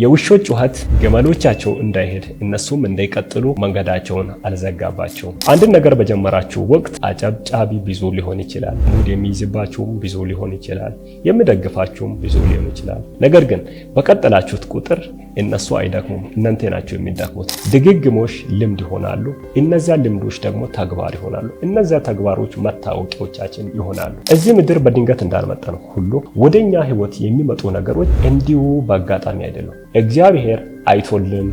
የውሾች ጩኸት ግመሎቻቸው እንዳይሄድ እነሱም እንዳይቀጥሉ መንገዳቸውን አልዘጋባቸውም። አንድን ነገር በጀመራችሁ ወቅት አጨብጫቢ ብዙ ሊሆን ይችላል፣ ሙድ የሚይዝባችሁም ብዙ ሊሆን ይችላል፣ የሚደግፋችሁም ብዙ ሊሆን ይችላል። ነገር ግን በቀጠላችሁት ቁጥር እነሱ አይደክሙም፣ እናንተ ናቸው የሚደክሙት። ድግግሞሽ ልምድ ይሆናሉ። እነዚያ ልምዶች ደግሞ ተግባር ይሆናሉ። እነዚያ ተግባሮች መታወቂያዎቻችን ይሆናሉ። እዚህ ምድር በድንገት እንዳልመጣን ሁሉ ወደኛ ህይወት የሚመጡ ነገሮች እንዲሁ በአጋጣሚ አይደለም። እግዚአብሔር አይቶልን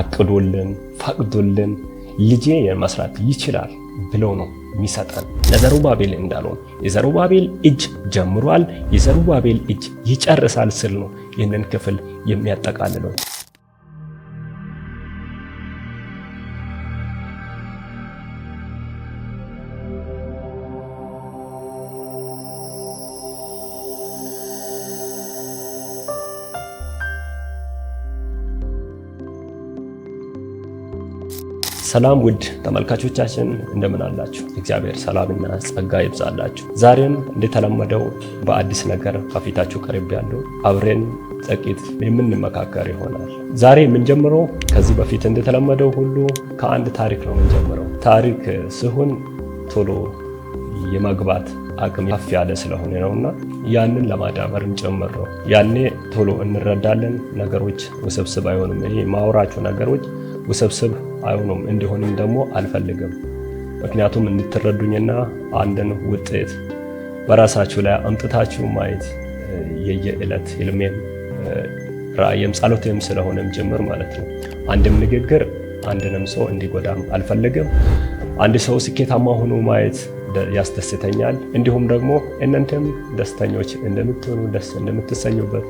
አቅዶልን ፈቅዶልን ልጄ መስራት ይችላል ብለው ነው የሚሰጠን ለዘሩባቤል እንዳለውም የዘሩባቤል እጅ ጀምሯል፣ የዘሩባቤል እጅ ይጨርሳል ስል ነው ይህንን ክፍል የሚያጠቃልለው። ሰላም ውድ ተመልካቾቻችን እንደምን አላችሁ? እግዚአብሔር ሰላምና ጸጋ ይብዛላችሁ። ዛሬም እንደተለመደው በአዲስ ነገር ከፊታችሁ ቀርብ ያለው አብሬን ጥቂት የምንመካከር ይሆናል። ዛሬ የምንጀምረው ከዚህ በፊት እንደተለመደው ሁሉ ከአንድ ታሪክ ነው የምንጀምረው። ታሪክ ሲሆን ቶሎ የመግባት አቅም ከፍ ያለ ስለሆነ እና ያንን ለማዳበርም ጭምር ነው። ያኔ ቶሎ እንረዳለን፣ ነገሮች ውስብስብ አይሆንም። ይሄ ማውራችሁ ነገሮች ውስብስብ አይሆኑም። እንዲሆንም ደግሞ አልፈልግም። ምክንያቱም እንድትረዱኝና አንድን ውጤት በራሳችሁ ላይ አምጥታችሁ ማየት የየዕለት ህልሜም ራእየም ጸሎቴም ስለሆነም ጭምር ማለት ነው። አንድም ንግግር አንድንም ሰው እንዲጎዳም አልፈልግም። አንድ ሰው ስኬታማ ሆኖ ማየት ያስደስተኛል። እንዲሁም ደግሞ እናንተም ደስተኞች እንደምትሆኑ ደስ እንደምትሰኙበት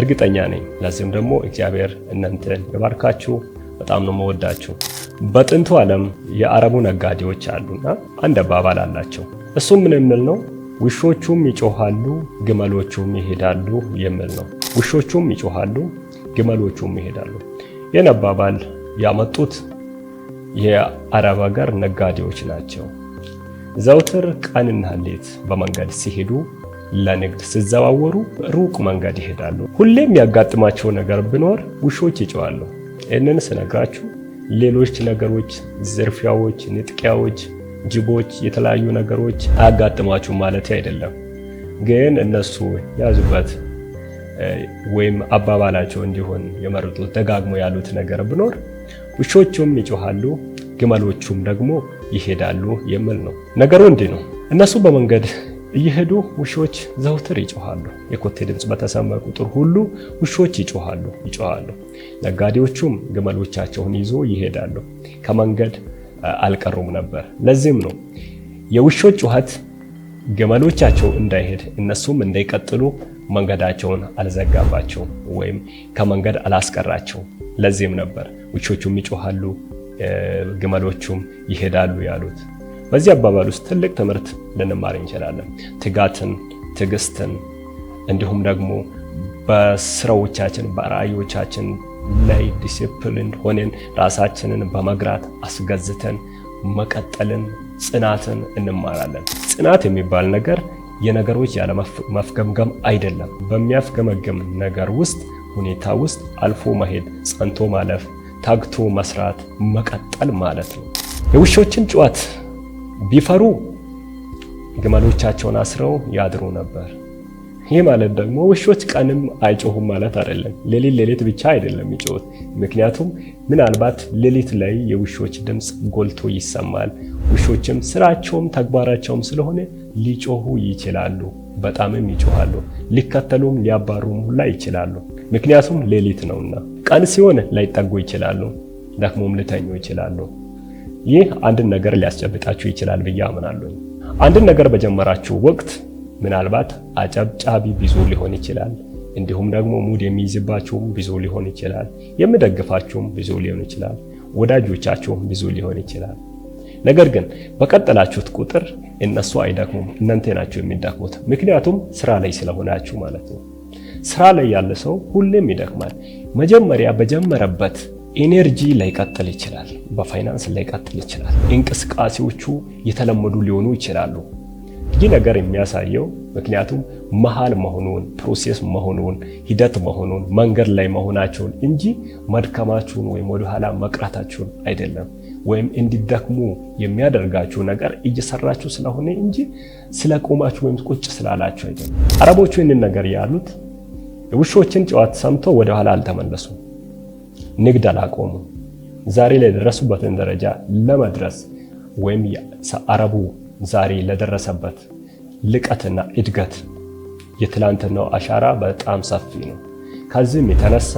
እርግጠኛ ነኝ። ለዚህም ደግሞ እግዚአብሔር እናንተን ይባርካችሁ። በጣም ነው መወዳቸው። በጥንቱ ዓለም የአረቡ ነጋዴዎች አሉና አንድ አባባል አላቸው። እሱም ምን የሚል ነው? ውሾቹም ይጮሃሉ ግመሎቹም ይሄዳሉ የሚል ነው። ውሾቹም ይጮሃሉ ግመሎቹም ይሄዳሉ። ይህን አባባል ያመጡት የአረብ ሀገር ነጋዴዎች ናቸው። ዘውትር ቀንና ሌት በመንገድ ሲሄዱ ለንግድ ሲዘዋወሩ ሩቅ መንገድ ይሄዳሉ። ሁሌም ያጋጥማቸው ነገር ቢኖር ውሾች ይጮዋሉ። ይህንን ስነግራችሁ ሌሎች ነገሮች፣ ዝርፊያዎች፣ ንጥቂያዎች፣ ጅቦች፣ የተለያዩ ነገሮች አያጋጥማችሁ ማለት አይደለም። ግን እነሱ ያዙበት ወይም አባባላቸው እንዲሆን የመረጡት ደጋግሞ ያሉት ነገር ቢኖር ውሾቹም ይጮሃሉ፣ ግመሎቹም ደግሞ ይሄዳሉ የሚል ነው። ነገሩ እንዲህ ነው። እነሱ በመንገድ እየሄዱ ውሾች ዘውትር ይጮሃሉ። የኮቴ ድምፅ በተሰማ ቁጥር ሁሉ ውሾች ይጮሃሉ ይጮሃሉ። ነጋዴዎቹም ግመሎቻቸውን ይዞ ይሄዳሉ። ከመንገድ አልቀሩም ነበር። ለዚህም ነው የውሾች ጩኸት ግመሎቻቸው እንዳይሄድ እነሱም እንዳይቀጥሉ መንገዳቸውን አልዘጋባቸውም ወይም ከመንገድ አላስቀራቸውም። ለዚህም ነበር ውሾቹም ይጮሃሉ፣ ግመሎቹም ይሄዳሉ ያሉት። በዚህ አባባል ውስጥ ትልቅ ትምህርት ልንማር እንችላለን። ትጋትን፣ ትዕግስትን እንዲሁም ደግሞ በስራዎቻችን በራዕዮቻችን ላይ ዲሲፕሊን ሆነን ራሳችንን በመግራት አስገዝተን መቀጠልን፣ ጽናትን እንማራለን። ጽናት የሚባል ነገር የነገሮች ያለ መፍገምገም አይደለም። በሚያፍገመገም ነገር ውስጥ ሁኔታ ውስጥ አልፎ መሄድ፣ ጸንቶ ማለፍ፣ ታግቶ መስራት፣ መቀጠል ማለት ነው። የውሾችን ጩኸት ቢፈሩ ግመሎቻቸውን አስረው ያድሩ ነበር። ይህ ማለት ደግሞ ውሾች ቀንም አይጮሁም ማለት አይደለም። ሌሊት ሌሊት ብቻ አይደለም የሚጮሁት። ምክንያቱም ምናልባት ሌሊት ላይ የውሾች ድምፅ ጎልቶ ይሰማል። ውሾችም ስራቸውም ተግባራቸውም ስለሆነ ሊጮሁ ይችላሉ። በጣምም ይጮሃሉ። ሊከተሉም ሊያባሩም ሁላ ይችላሉ። ምክንያቱም ሌሊት ነውና። ቀን ሲሆን ላይጠጉ ይችላሉ። ደክሞም ልተኙ ይችላሉ። ይህ አንድን ነገር ሊያስጨብጣችሁ ይችላል ብዬ አምናለሁ። አንድን ነገር በጀመራችሁ ወቅት ምናልባት አጨብጫቢ ብዙ ሊሆን ይችላል። እንዲሁም ደግሞ ሙድ የሚይዝባችሁም ብዙ ሊሆን ይችላል። የምደግፋችሁም ብዙ ሊሆን ይችላል። ወዳጆቻችሁም ብዙ ሊሆን ይችላል። ነገር ግን በቀጠላችሁት ቁጥር እነሱ አይደክሙም፣ እናንተ ናችሁ የሚደክሙት። ምክንያቱም ስራ ላይ ስለሆናችሁ ማለት ነው። ስራ ላይ ያለ ሰው ሁሌም ይደክማል። መጀመሪያ በጀመረበት ኢነርጂ ላይቀጥል ይችላል፣ በፋይናንስ ላይቀጥል ይችላል። እንቅስቃሴዎቹ የተለመዱ ሊሆኑ ይችላሉ። ይህ ነገር የሚያሳየው ምክንያቱም መሀል መሆኑን ፕሮሴስ መሆኑን ሂደት መሆኑን መንገድ ላይ መሆናቸውን እንጂ መድከማችሁን ወይም ወደኋላ መቅረታችሁን አይደለም። ወይም እንዲደክሙ የሚያደርጋችሁ ነገር እየሰራችሁ ስለሆነ እንጂ ስለቆማችሁ ወይም ቁጭ ስላላችሁ አይደለም። አረቦቹ ይህንን ነገር ያሉት ውሾችን ጨዋታ ሰምተው ወደኋላ አልተመለሱም። ንግድ አላቆሙ ዛሬ ለደረሱበትን ደረጃ ለመድረስ ወይም አረቡ ዛሬ ለደረሰበት ልቀትና እድገት የትላንትናው አሻራ በጣም ሰፊ ነው። ከዚህም የተነሳ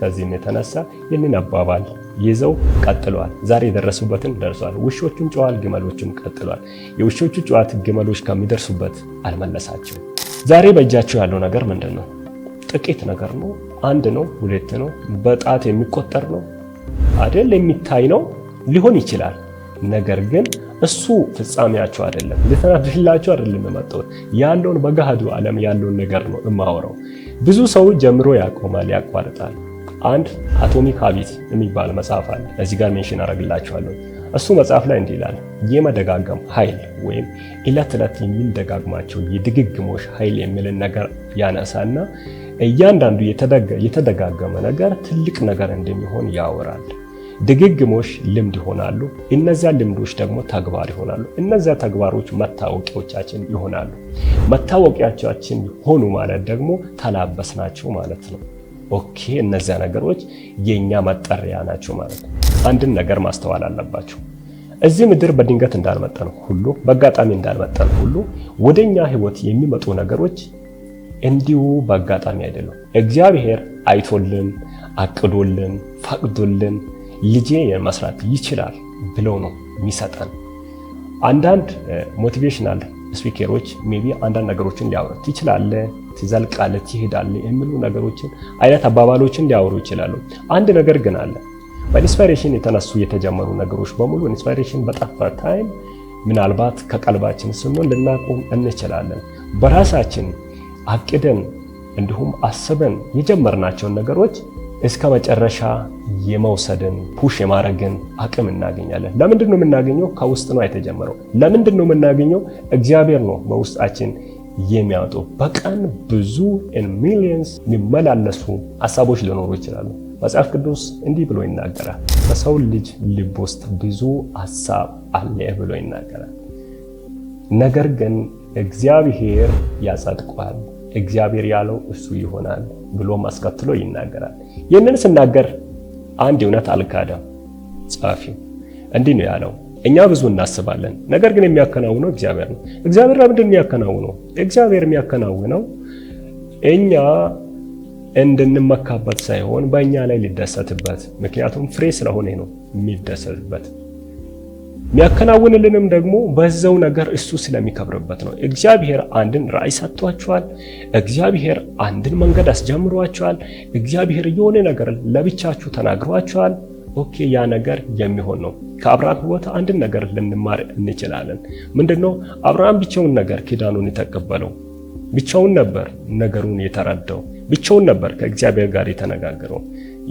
ከዚህም የተነሳ ይህንን አባባል ይዘው ቀጥሏል። ዛሬ የደረሱበትን ደርሷል። ውሾቹም ጨዋል፣ ግመሎችም ቀጥሏል። የውሾቹ ጨዋት ግመሎች ከሚደርሱበት አልመለሳቸው። ዛሬ በእጃቸው ያለው ነገር ምንድን ነው? ጥቂት ነገር ነው። አንድ ነው፣ ሁለት ነው፣ በጣት የሚቆጠር ነው አይደል? የሚታይ ነው ሊሆን ይችላል። ነገር ግን እሱ ፍጻሜያቸው አይደለም። ልተናድላቸው አይደለም የመጣሁት ያለውን በገሃዱ ዓለም ያለውን ነገር ነው የማወራው። ብዙ ሰው ጀምሮ ያቆማል፣ ያቋርጣል። አንድ አቶሚክ ሀቢት የሚባል መጽሐፍ አለ። እዚህ ጋር ሜንሽን አደርግላችኋለሁ። እሱ መጽሐፍ ላይ እንዲህ ይላል፣ የመደጋገም ኃይል ወይም እለት እለት የሚደጋግማቸው የድግግሞሽ ኃይል የሚልን ነገር ያነሳና እያንዳንዱ የተደጋገመ ነገር ትልቅ ነገር እንደሚሆን ያወራል። ድግግሞሽ ልምድ ይሆናሉ። እነዚያ ልምዶች ደግሞ ተግባር ይሆናሉ። እነዚያ ተግባሮች መታወቂያዎቻችን ይሆናሉ። መታወቂያዎቻችን ሆኑ ማለት ደግሞ ተላበስ ናቸው ማለት ነው። ኦኬ፣ እነዚያ ነገሮች የእኛ መጠሪያ ናቸው ማለት ነው። አንድን ነገር ማስተዋል አለባቸው። እዚህ ምድር በድንገት እንዳልመጠን ሁሉ በአጋጣሚ እንዳልመጠን ሁሉ ወደኛ ህይወት የሚመጡ ነገሮች እንዲሁ በአጋጣሚ አይደለም። እግዚአብሔር አይቶልን አቅዶልን ፈቅዶልን ልጄ መስራት ይችላል ብለው ነው የሚሰጠን። አንዳንድ ሞቲቬሽናል ስፒከሮች ሜይ ቢ አንዳንድ ነገሮችን ሊያወሩ ትችላለ፣ ትዘልቃለ፣ ትሄዳለ የሚሉ ነገሮችን አይነት አባባሎችን ሊያወሩ ይችላሉ። አንድ ነገር ግን አለ። በኢንስፓይሬሽን የተነሱ የተጀመሩ ነገሮች በሙሉ ኢንስፓይሬሽን በጠፋ ታይም ምናልባት ከቀልባችን ስንሆን ልናቆም እንችላለን በራሳችን አቅደን እንዲሁም አስበን የጀመርናቸውን ነገሮች እስከ መጨረሻ የመውሰድን ፑሽ የማድረግን አቅም እናገኛለን። ለምንድን ነው የምናገኘው? ከውስጥ ነው የተጀመረው። ለምንድን ነው የምናገኘው? እግዚአብሔር ነው በውስጣችን የሚያወጣው። በቀን ብዙ ሚሊየንስ የሚመላለሱ ሀሳቦች ሊኖሩ ይችላሉ። መጽሐፍ ቅዱስ እንዲህ ብሎ ይናገራል። በሰው ልጅ ልብ ውስጥ ብዙ ሀሳብ አለ ብሎ ይናገራል። ነገር ግን እግዚአብሔር ያጸድቋል እግዚአብሔር ያለው እሱ ይሆናል ብሎም አስከትሎ ይናገራል። ይህንን ስናገር አንድ እውነት አልካደም። ጸሐፊው እንዲህ ነው ያለው፣ እኛ ብዙ እናስባለን፣ ነገር ግን የሚያከናውነው እግዚአብሔር ነው። እግዚአብሔር ለምንድን ነው የሚያከናውነው? እግዚአብሔር የሚያከናውነው እኛ እንድንመካበት ሳይሆን በእኛ ላይ ሊደሰትበት፣ ምክንያቱም ፍሬ ስለሆነ ነው የሚደሰትበት የሚያከናውንልንም ደግሞ በዛው ነገር እሱ ስለሚከብርበት ነው። እግዚአብሔር አንድን ራእይ ሰጥቷቸዋል። እግዚአብሔር አንድን መንገድ አስጀምሯቸዋል። እግዚአብሔር የሆነ ነገር ለብቻችሁ ተናግሯቸዋል። ኦኬ ያ ነገር የሚሆን ነው። ከአብርሃም ሕይወት አንድን ነገር ልንማር እንችላለን። ምንድነው? አብርሃም ብቻውን ነገር ኪዳኑን የተቀበለው ብቻውን ነበር ነገሩን የተረዳው ብቻውን ነበር ከእግዚአብሔር ጋር የተነጋገረው።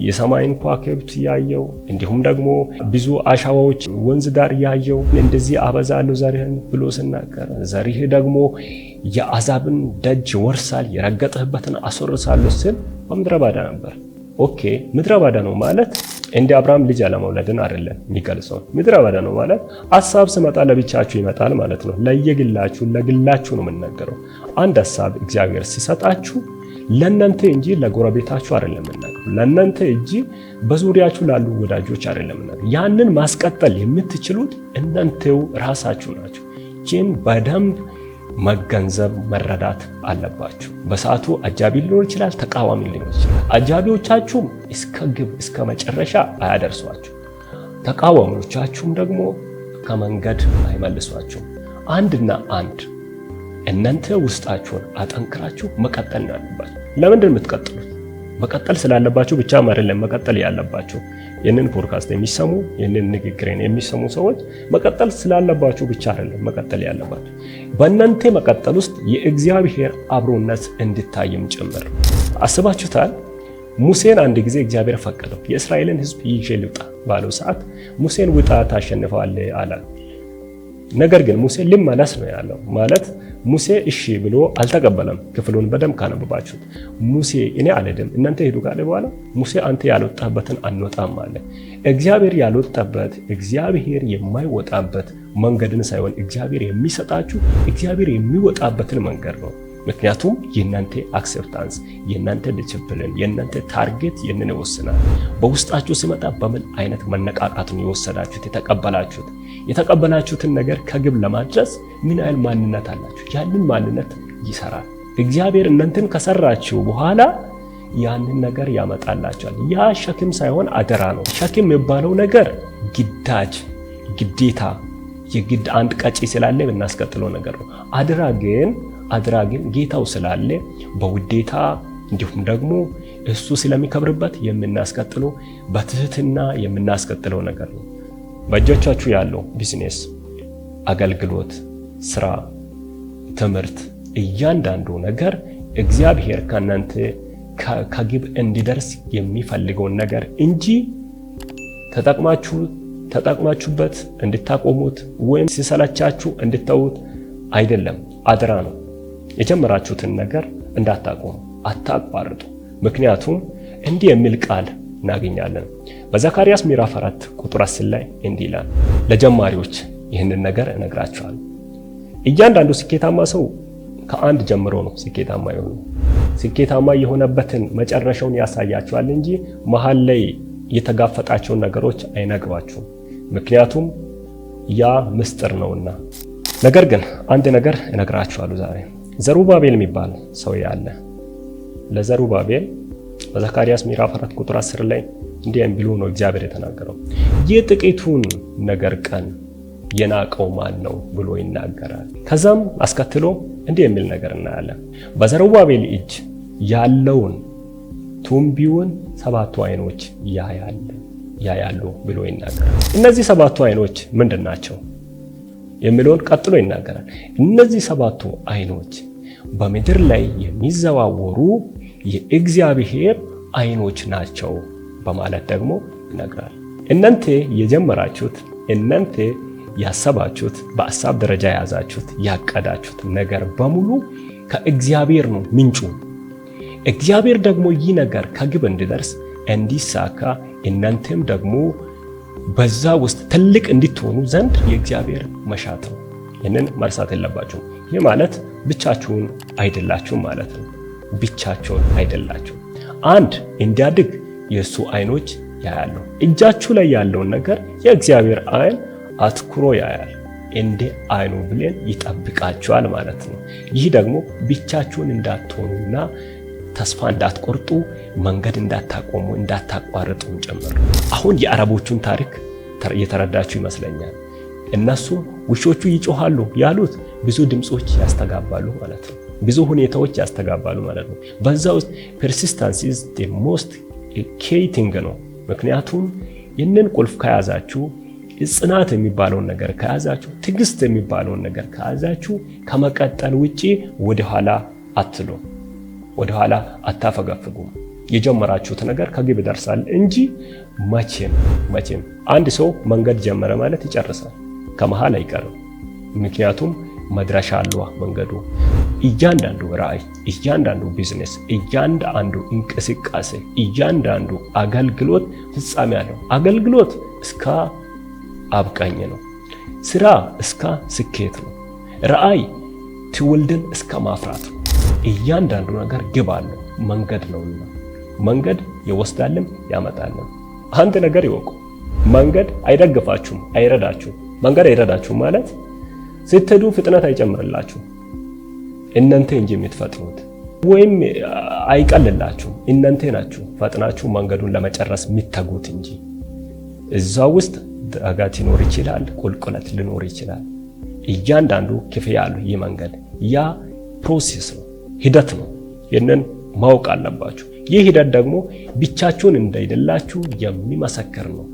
የሰማይን ከዋክብት ያየው እንዲሁም ደግሞ ብዙ አሻዋዎች ወንዝ ዳር ያየው እንደዚህ አበዛለሁ ዘርህን ብሎ ስናገር ዘሪህ ደግሞ የአዛብን ደጅ ይወርሳል፣ የረገጥህበትን አስወርሳለሁ ስል በምድረ ባዳ ነበር። ኦኬ ምድረ ባዳ ነው ማለት እንደ አብርሃም ልጅ አለመውለድን አይደለም የሚገልጸው። ምድረ በዳ ነው ማለት ሀሳብ ስመጣ ለብቻችሁ ይመጣል ማለት ነው። ለየግላችሁ ለግላችሁ ነው የምናገረው። አንድ ሀሳብ እግዚአብሔር ሲሰጣችሁ ለእናንተ እንጂ ለጎረቤታችሁ አይደለም። ለእናንተ እጅ በዙሪያችሁ ላሉ ወዳጆች አይደለም። ያንን ማስቀጠል የምትችሉት እናንተው ራሳችሁ ናቸው። ይህን በደንብ መገንዘብ መረዳት አለባችሁ። በሰዓቱ አጃቢ ሊኖር ይችላል፣ ተቃዋሚ ሊኖር ይችላል። አጃቢዎቻችሁም እስከ ግብ እስከ መጨረሻ አያደርሷችሁ፣ ተቃዋሚዎቻችሁም ደግሞ ከመንገድ አይመልሷችሁ። አንድና አንድ እናንተ ውስጣችሁን አጠንክራችሁ መቀጠል ነው ያለባችሁ። ለምንድን የምትቀጥሉት? መቀጠል ስላለባቸው ብቻም አይደለም መቀጠል ያለባቸው ይህንን ፖድካስት የሚሰሙ ይህንን ንግግሬን የሚሰሙ ሰዎች መቀጠል ስላለባቸው ብቻ አይደለም መቀጠል ያለባቸው፣ በእናንተ መቀጠል ውስጥ የእግዚአብሔር አብሮነት እንድታይም ጭምር። አስባችሁታል? ሙሴን አንድ ጊዜ እግዚአብሔር ፈቀደው። የእስራኤልን ሕዝብ ይዤ ልውጣ ባለው ሰዓት ሙሴን ውጣ ታሸንፈዋለህ አላት። ነገር ግን ሙሴ ሊመለስ ነው ያለው። ማለት ሙሴ እሺ ብሎ አልተቀበለም። ክፍሉን በደንብ ካነበባችሁት ሙሴ እኔ አልሄድም እናንተ ሄዱ ካለ በኋላ ሙሴ አንተ ያልወጣበትን አንወጣም አለ። እግዚአብሔር ያልወጣበት እግዚአብሔር የማይወጣበት መንገድን ሳይሆን እግዚአብሔር የሚሰጣችሁ እግዚአብሔር የሚወጣበትን መንገድ ነው። ምክንያቱም የእናንተ አክሴፕታንስ፣ የእናንተ ዲስፕሊን፣ የእናንተ ታርጌት ይህንን ይወስናል። በውስጣችሁ ሲመጣ በምን አይነት መነቃቃት ነው የወሰዳችሁት የተቀበላችሁት? የተቀበላችሁትን ነገር ከግብ ለማድረስ ምን ያህል ማንነት አላችሁ? ያንን ማንነት ይሰራል እግዚአብሔር። እናንተን ከሰራችሁ በኋላ ያንን ነገር ያመጣላችኋል። ያ ሸክም ሳይሆን አደራ ነው። ሸክም የሚባለው ነገር ግዳጅ፣ ግዴታ የግድ አንድ ቀጪ ስላለ የምናስቀጥለው ነገር ነው። አደራ ግን አድራጊም ጌታው ስላለ በውዴታ እንዲሁም ደግሞ እሱ ስለሚከብርበት የምናስቀጥለው በትህትና የምናስቀጥለው ነገር ነው። በእጆቻችሁ ያለው ቢዝነስ፣ አገልግሎት፣ ስራ፣ ትምህርት፣ እያንዳንዱ ነገር እግዚአብሔር ከእናንተ ከግብ እንዲደርስ የሚፈልገውን ነገር እንጂ ተጠቅማችሁ ተጠቅማችሁበት እንድታቆሙት ወይም ሲሰለቻችሁ እንድታዩት አይደለም። አድራ ነው። የጀመራችሁትን ነገር እንዳታቆሙ አታቋርጡ። ምክንያቱም እንዲህ የሚል ቃል እናገኛለን በዘካርያስ ምዕራፍ 4 ቁጥር 10 ላይ እንዲህ ይላል። ለጀማሪዎች ይህንን ነገር እነግራቸዋለሁ። እያንዳንዱ ስኬታማ ሰው ከአንድ ጀምሮ ነው ስኬታማ የሆኑ። ስኬታማ የሆነበትን መጨረሻውን ያሳያቸዋል እንጂ መሀል ላይ የተጋፈጣቸውን ነገሮች አይነግሯችሁም። ምክንያቱም ያ ምስጢር ነውና። ነገር ግን አንድ ነገር እነግራችኋለሁ ዛሬ ዘሩባቤል የሚባል ሰው ያለ ለዘሩባቤል በዘካርያስ ምዕራፍ 4 ቁጥር 10 ላይ እንዲህም ብሎ ነው እግዚአብሔር የተናገረው የጥቂቱን ነገር ቀን የናቀው ማን ነው ብሎ ይናገራል። ከዛም አስከትሎ እንዲህ የሚል ነገር እናያለን። በዘሩባቤል እጅ ያለውን ቱንቢውን ሰባቱ አይኖች ያያሉ ብሎ ይናገራል። እነዚህ ሰባቱ አይኖች ምንድን ናቸው? የሚለውን ቀጥሎ ይናገራል። እነዚህ ሰባቱ አይኖች በምድር ላይ የሚዘዋወሩ የእግዚአብሔር አይኖች ናቸው በማለት ደግሞ ይነግራል። እናንተ የጀመራችሁት እናንተ ያሰባችሁት በሀሳብ ደረጃ የያዛችሁት ያቀዳችሁት ነገር በሙሉ ከእግዚአብሔር ነው ምንጩ። እግዚአብሔር ደግሞ ይህ ነገር ከግብ እንዲደርስ እንዲሳካ እናንተም ደግሞ በዛ ውስጥ ትልቅ እንድትሆኑ ዘንድ የእግዚአብሔር መሻት ነው። ይህንን መርሳት የለባችሁም። ይህ ማለት ብቻችሁን አይደላችሁም ማለት ነው። ብቻቸውን አይደላችሁም። አንድ እንዲያድግ የእሱ አይኖች ያያሉ። እጃችሁ ላይ ያለውን ነገር የእግዚአብሔር አይን አትኩሮ ያያል። እንደ አይኑ ብሌን ይጠብቃችኋል ማለት ነው። ይህ ደግሞ ብቻችሁን እንዳትሆኑና ተስፋ እንዳትቆርጡ፣ መንገድ እንዳታቆሙ፣ እንዳታቋርጡም ጭምር። አሁን የአረቦቹን ታሪክ እየተረዳችሁ ይመስለኛል። እነሱም ውሾቹ ይጮሃሉ ያሉት ብዙ ድምፆች ያስተጋባሉ ማለት ነው። ብዙ ሁኔታዎች ያስተጋባሉ ማለት ነው። በዛ ውስጥ ፐርሲስታንስ ኢዝ ሞስት ኬይ ነው። ምክንያቱም ይህንን ቁልፍ ከያዛችሁ ጽናት የሚባለውን ነገር ከያዛችሁ ትዕግስት የሚባለውን ነገር ከያዛችሁ ከመቀጠል ውጪ ወደኋላ አትሉ። ወደኋላ አታፈገፍጉም። የጀመራችሁት ነገር ከግብ ይደርሳል እንጂ መቼም መቼም አንድ ሰው መንገድ ጀመረ ማለት ይጨርሳል፣ ከመሃል አይቀርም። ምክንያቱም መድረሻ አለዋ መንገዱ። እያንዳንዱ ራዕይ፣ እያንዳንዱ ቢዝነስ፣ እያንዳንዱ እንቅስቃሴ፣ እያንዳንዱ አገልግሎት ፍጻሜ አለው። አገልግሎት እስከ አብቃኝ ነው። ስራ እስከ ስኬት ነው። ራዕይ ትውልድን እስከ ማፍራት ነው። እያንዳንዱ ነገር ግብ አለው። መንገድ ነውና መንገድ ይወስዳልም ያመጣልም። አንድ ነገር ይወቁ፣ መንገድ አይደግፋችሁም፣ አይረዳችሁም። መንገድ አይረዳችሁም ማለት ስትሄዱ ፍጥነት አይጨምርላችሁም፣ እናንተ እንጂ የምትፈጥኑት ወይም አይቀልላችሁም። እናንተ ናችሁ ፈጥናችሁ መንገዱን ለመጨረስ የምትተጉት እንጂ እዛ ውስጥ ዳገት ሊኖር ይችላል፣ ቁልቁለት ሊኖር ይችላል። እያንዳንዱ ክፍያ አለው። ይህ መንገድ ያ ፕሮሴስ ነው። ሂደት ነው። ይህንን ማወቅ አለባችሁ። ይህ ሂደት ደግሞ ብቻችሁን እንዳይደላችሁ የሚመሰክር ነው።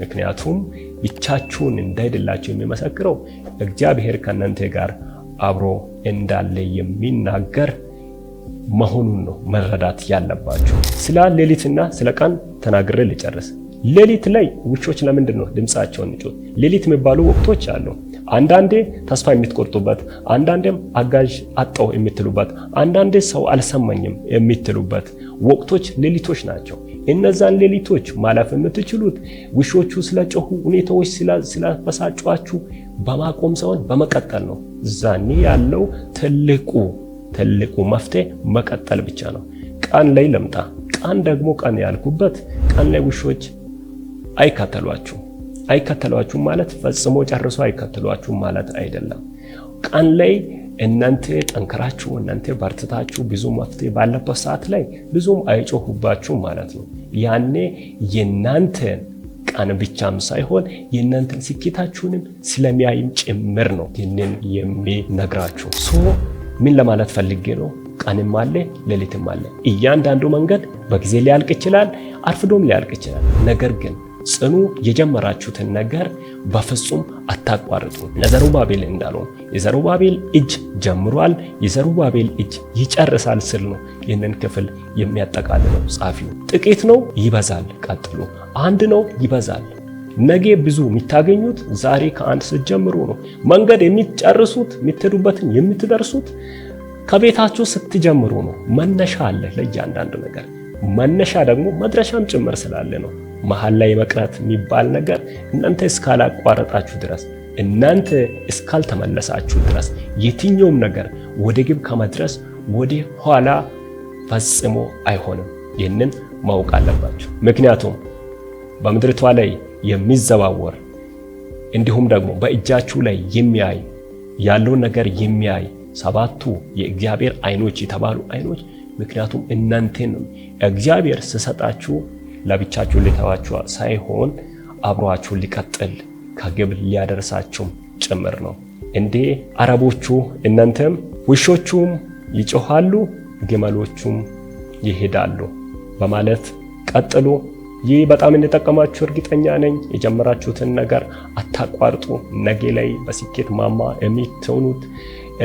ምክንያቱም ብቻችሁን እንዳይደላችሁ የሚመሰክረው እግዚአብሔር ከእናንተ ጋር አብሮ እንዳለ የሚናገር መሆኑን ነው መረዳት ያለባችሁ። ስለ ሌሊትና ስለ ቀን ተናግሬ ልጨርስ። ሌሊት ላይ ውሾች ለምንድን ነው ድምፃቸውን ንጩት? ሌሊት የሚባሉ ወቅቶች አሉ። አንዳንዴ ተስፋ የምትቆርጡበት፣ አንዳንዴም አጋዥ አጣው የምትሉበት፣ አንዳንዴ ሰው አልሰማኝም የምትሉበት ወቅቶች ሌሊቶች ናቸው። እነዛን ሌሊቶች ማለፍ የምትችሉት ውሾቹ ስለጮሁ፣ ሁኔታዎች ስላበሳጫችሁ በማቆም ሳይሆን በመቀጠል ነው። ዛኔ ያለው ትልቁ ትልቁ መፍትሄ መቀጠል ብቻ ነው። ቀን ላይ ለምጣ ቀን ደግሞ ቀን ያልኩበት ቀን ላይ ውሾች አይካተሏችሁ። አይከተሏችሁም ማለት ፈጽሞ ጨርሶ አይከተሏችሁም ማለት አይደለም። ቀን ላይ እናንተ ጠንክራችሁ እናንተ በርትታችሁ ብዙ መፍትሄ ባለበት ሰዓት ላይ ብዙም አይጮሁባችሁ ማለት ነው። ያኔ የእናንተን ቀን ብቻም ሳይሆን የእናንተን ስኬታችሁንም ስለሚያይም ጭምር ነው ይህንን የሚነግራችሁ። ሶ ምን ለማለት ፈልጌ ነው? ቀንም አለ ሌሊትም አለ። እያንዳንዱ መንገድ በጊዜ ሊያልቅ ይችላል፣ አርፍዶም ሊያልቅ ይችላል። ነገር ግን ጽኑ የጀመራችሁትን ነገር በፍጹም አታቋርጡ። ለዘሩባቤል እንዳለው የዘሩባቤል እጅ ጀምሯል፣ የዘሩባቤል እጅ ይጨርሳል ስል ነው ይህንን ክፍል የሚያጠቃልለው ጻፊው። ጥቂት ነው ይበዛል፣ ቀጥሎ አንድ ነው ይበዛል። ነገ ብዙ የሚታገኙት ዛሬ ከአንድ ስትጀምሩ ነው። መንገድ የሚጨርሱት የምትሄዱበትን የምትደርሱት ከቤታችሁ ስትጀምሩ ነው። መነሻ አለ ለእያንዳንዱ ነገር መነሻ ደግሞ መድረሻም ጭምር ስላለ ነው። መሀል ላይ መቅረት የሚባል ነገር እናንተ እስካላቋረጣችሁ ድረስ እናንተ እስካልተመለሳችሁ ድረስ የትኛውም ነገር ወደ ግብ ከመድረስ ወደ ኋላ ፈጽሞ አይሆንም። ይህንን ማወቅ አለባችሁ። ምክንያቱም በምድርቷ ላይ የሚዘዋወር እንዲሁም ደግሞ በእጃችሁ ላይ የሚያይ ያለውን ነገር የሚያይ ሰባቱ የእግዚአብሔር አይኖች የተባሉ አይኖች ምክንያቱም እናንተን እግዚአብሔር ስሰጣችሁ ለብቻችሁ ሊተዋችሁ ሳይሆን አብሯችሁ ሊቀጥል ከግብ ሊያደርሳችሁም ጭምር ነው። እንዴ አረቦቹ እናንተም ውሾቹም ይጮኻሉ፣ ግመሎቹም ይሄዳሉ በማለት ቀጥሉ። ይህ በጣም እንደጠቀማችሁ እርግጠኛ ነኝ። የጀመራችሁትን ነገር አታቋርጡ። ነገ ላይ በስኬት ማማ የሚትሆኑት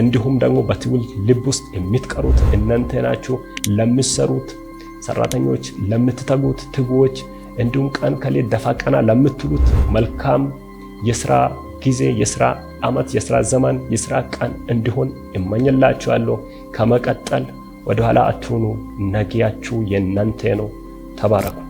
እንዲሁም ደግሞ በትውልድ ልብ ውስጥ የምትቀሩት እናንተ ናችሁ። ለምትሰሩት ሰራተኞች፣ ለምትተጉት ትጉዎች፣ እንዲሁም ቀን ከሌት ደፋ ቀና ለምትሉት መልካም የስራ ጊዜ፣ የስራ አመት፣ የስራ ዘመን፣ የስራ ቀን እንዲሆን እመኝላችኋለሁ። ከመቀጠል ወደኋላ አትሁኑ። ነጊያችሁ የእናንተ ነው። ተባረኩ።